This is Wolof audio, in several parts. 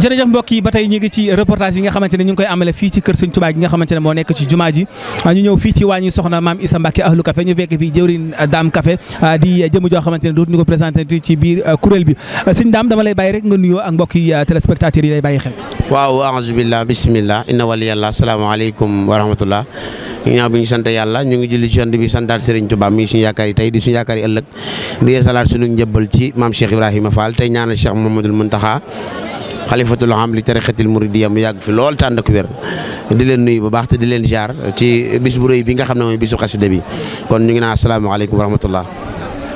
jërëjëf mbokk yi ba tey ñu ngi ci reportage yi nga xamante ne ñu ngi koy amale fii ci kër sëñ Tuubaa gi nga xamante ne moo nekk ci jumaa ji ah, ñu ñëw fii ci waañu soxna maam Issa Mbacke ahlu café ñu fekk fii jëwriñ ah, daam café ah, di jëm joo xamante ne dootuñu ko présenté ci biir kuréel bi sëñ daam dama lay rek nga nuyoo ak mbokk yi téléspectateurs yi lay bàyyi xel waaw ahousubillah bisimillah inna waliyallah asalaamaaleykum wa rahmatullah ñaaw sant yàlla ñu ngi julli ci yonent bi santaat Serigne Touba mi suñu yaakaar yi tey di suñu yaakaar yi ëllëg di salaat ci maam Cheikh Ibrahima Fall tey ñaanal Cheikh Mamadou Muntaxa xalifatul am li tarixatil muridiya mu yàgg fi lool tànd ak wér di leen nuyu bu baax te di leen jaar ci bis bu rëy bi nga xam ne mooy bisu xasida bi kon ñu ngi naan asalaamaaleykum wa rahmatullah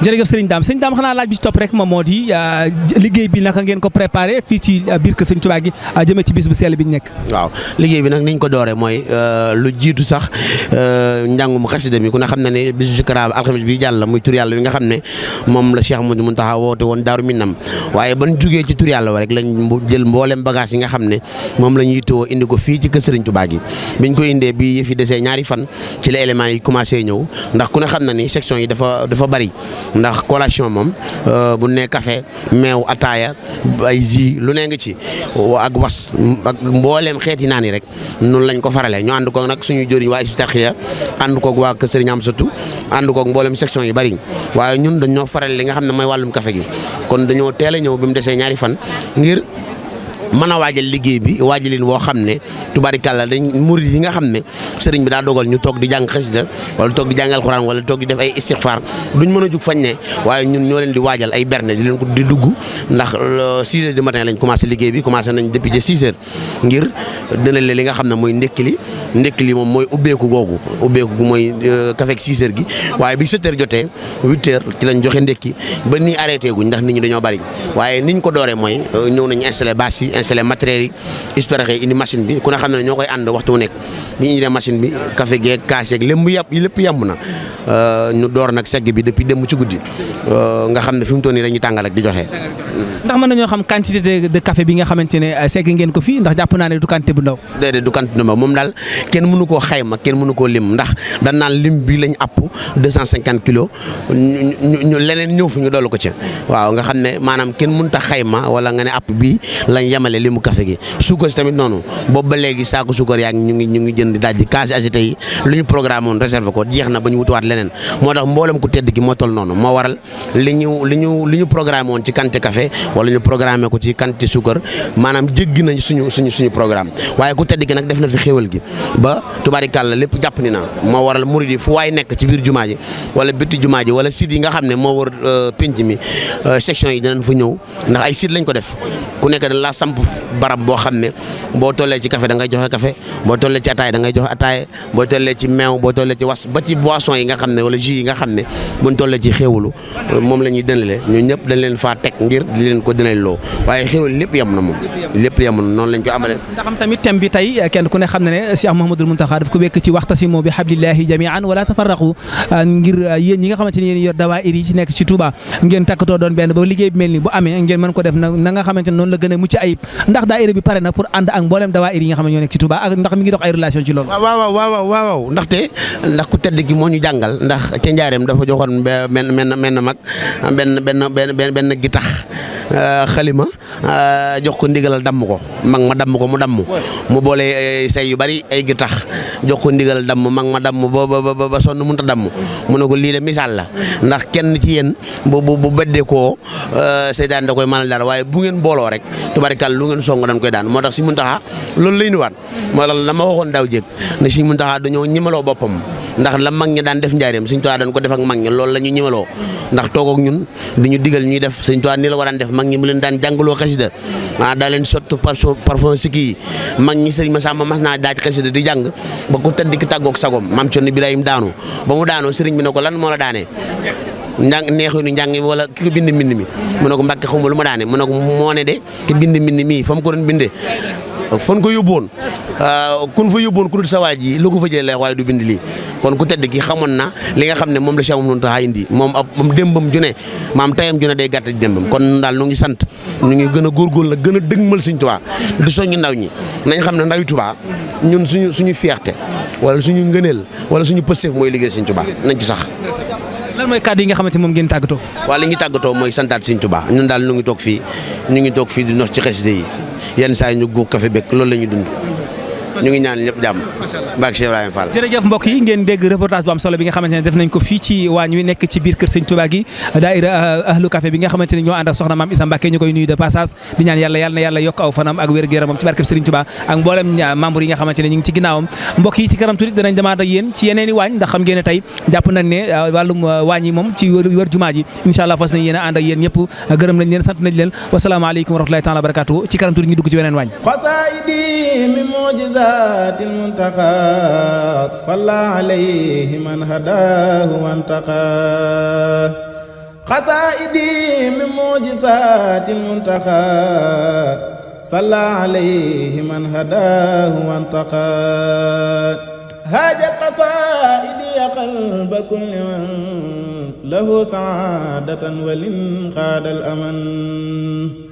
jërëjëf sëriñ daam sëriñ daam xanaa laaj bi ci topp rek moom moo di euh, liggéey bi naka ngeen ko préparer fii ci euh, biir kër sëriñ Tuubaa gi euh, jëmee ci bis bu sell bi ñu nekk. waaw liggéey bi nag niñ ko doore mooy lu jiitu sax njàngum xasida mi ku ne xam na ne bisu zikra alxames bi jàll muy tur bi nga xam ne moom la Cheikh Mouhamadou Mountakha woote woon Daaru Minam waaye ban jugee ci tur yàlla rek lañ jël mboolem bagage yi nga xam ne moom la ñu yittewoo indi ko fii ci kër sëriñ Tuubaa gi biñ ko indee bi yëf yi desee ñaari fan ci la éléments yi commencé ñëw ndax ku ne xam na ni section yi dafa dafa bari ndax collation moom euh, bu ne café meew ataaya ay ji lu ne nga ci ak was ak mbooleem xeeti naan yi rek noonu lañ ko faralee ñu ànd koog nag suñu jëriñ waa Hizbut Tarqiyyah ànd koog waa Kër Sëriñ Amsatu ànd koog mbooleem section yi bari waaye ñun dañoo faral li nga xam ne mooy wàllum kafe gi kon dañoo teel a ñëw bi mu desee ñaari fan ngir mën a waajal liggéey bi waajalin woo xam ne tubaarikàlla dañ murid nga xam ne sëriñ bi daa dogal ñu toog di jàng xasida wala toog di jàng alxuraan wala toog di def ay istixfaar duñ mën a jug fañ ne waaye ñun ñoo leen di waajal ay berne di leen ko dugg ndax 6 heures du matin lañ commencé liggéey bi commencé nañ depuis ci 6 heures ngir dina leen li nga xam ne mooy ndekki li ndekki li moom mooy ubbeeku googu ubbeeku gu mooy kafeeg euh, 6 heures gi waaye bi 7 heures jotee 8 heures ci lañ joxe ndekki ba nii arrêté ndax nit ñi dañoo bari installé matériel yi espérer indi machine bi ku ne xam ne ñoo koy ànd waxtu wu nekk bi ñu indee machine bi café geeg kaas yeeg lépp yàpp lépp yàmm na euh, ñu door nag segg euh, xam ne fi mu toll nii dañuy di joxe. ndax mën nañoo xam quantité de café bi nga xamante ne euh, segg ngeen ko fii ndax jàpp naa ne du quantité bu ndaw. déedéet du quantité bu ndaw moom daal kenn mënu koo xayma kenn mënu koo lim ndax dañ naan lim bi lañ app 250 kilos ñu leneen ñëw fi ñu dollu ko ci waaw nga xam ne maanaam kenn mënut a xayma wala yemale li mu café gi suukar si tamit noonu boobu ba léegi saako suukar yaa ngi ñu ngi ñu ngi jënd dajji case agité yi lu ñu programme woon réservé ko jeex na ba ñu wutuwaat leneen moo tax mboolem ku tedd gi moo tol noonu moo waral li ñu li ñu li ñu programme woon ci kante café wala ñu programmé ko ci quantité suukar maanaam jéggi nañ suñu suñu suñu programme waaye ku tedd gi nag def na fi xéewal gi ba la lépp jàpp ni na moo waral murid yi fu waay nekk ci biir jumaa ji wala bitti jumaa ji wala site yi nga xam ne moo wër euh, pénc mi euh, section yi dinañ fa ñëw ndax ay site lañ ko def samp barab boo xam ne boo tollee ci café da ngay joxe café boo tollee ci ataay da ngay joxe ataay boo tollee ci meew boo tollee ci was ba ci boisson yi nga xam ne wala tollee ci xéewalu moom la ñuy dënale ñu ñëpp dañ leen faa teg ngir di leen ko dënal loo waaye xéewal lépp yem na moom lépp yem na noonu lañ ko amale ndax ah, ngir ah, yéen ñi nga xamante ni yéen yor dawaayir yi ci nekk ci Touba ngeen takkatoo doon benn ba liggéey bi mel ni bu amee ngeen mën ko a ndax daayira bi pare na pour ànd ak mboolem daayira yi nga xam nekk ci Touba ndax mi ngi dox ay relation ci loolu. waaw waaw waaw ndaxte ndax ku tedd gi moo ñu jàngal ndax ca njaareem dafa joxoon benn benn benn mag benn benn benn benn gitax euh, xalima euh, jox ko ndigalal damm ko mag ma damm ko mu damm mu boole euh, say yu bari ay gitax jox ko ndigalal damm mag ma damm ba ba ba sonn mun ta damm mu ne ko lii de misaal la ndax kenn ci yéen bu bu bu beddee koo seytaan da koy mën a dara waaye bu ngeen daal lu ngeen song dañ koy daan moo tax Sëriñ Muntaxa loolu lay nuwaat moo tax la ma waxoon daaw jéeg ne Sëriñ Muntaxa dañoo ñimaloo boppam ndax la mag ñi daan def njaareem Sëriñ Tuubaa dañ ko def ak mag ñi loolu la ñu ñimaloo ndax toog ak ñun di ñu digal ñuy def Sëriñ Tuubaa nii la waraan def mag ñi mu leen daan jàngaloo xasida ah daa leen sotti parfum sikki yi mag ñi Sëriñ Masamba mas naa daaj xasida di jàng ba ku tëdd ki tàggoog sagom maam Cerno Birahim daanu ba mu daanoo sëriñ bi ne ko lan moo la daanee njàng nu njàng mi wala ki bind mbind mi mu ne ko mbàkke xaw ma lu ma daane mu ne ko moo ne de ki bind mbind mii fa mu ko doon bindee fan ko yóbboon ah, kun fa yóbboon ku dul sa waaj yi lu ko fa jëlee lay waaye du bind lii kon ku tedd ki xamoon na li nga xam ne moom la Cheikh Mouhamadou Mountakha indi moom ab moom démbam ju maam tayam ju ne day gàtt démbam kon daal ñu ngi sant ñu gën a góorgóorlu la gën a dëgmal suñ Tuubaa di soññu ndaw ñi nañ xam ne ndawi Tuubaa ñun suñu suñu fierté wala suñu ngëneel wala suñu pësteef mooy liggéey suñ Tuubaa nañ ci sax lan mooy kàddu yi nga xamante moom ngeen tàggatoo. waaw li ñu tàggatoo mooy santaat Sëñ Tuubaa ñun daal ñu ngi toog fi ñu ngi toog fii di nox ci xasida yi yenn saa yi ñu kafe bekk loolu la ñu dund ñu ngi ñaan ñëpp jàmm mbaak ngeen dégg reportage bu solo bi nga xamante ne def nañ ko fii ci waañ wi nekk ci biir kër sëñ Touba gi daayira eh, ahlu café bi nga xamante ne ñoo ànd ak soxna maam Issa Mbacké ñu koy nuyu de passage di ñaan yàlla yokk aw fanam ak wér géramam ci barkeb Serigne Touba ak mboolem eh, membre yi nga xamante ne ñu ci ginnaawam mbokk ci kanam tuuti danañ demaat ak ci yeneen waañ ndax xam ngeen ne tey nañ ne eh, wàllum a الهداة المنتقى صلى عليه من هداه وانتقى خسائدي من معجزات المنتقى صلى عليه من هداه وانتقى هاجت قصائدي قلب كل من له سعادة ولن خاد الأمن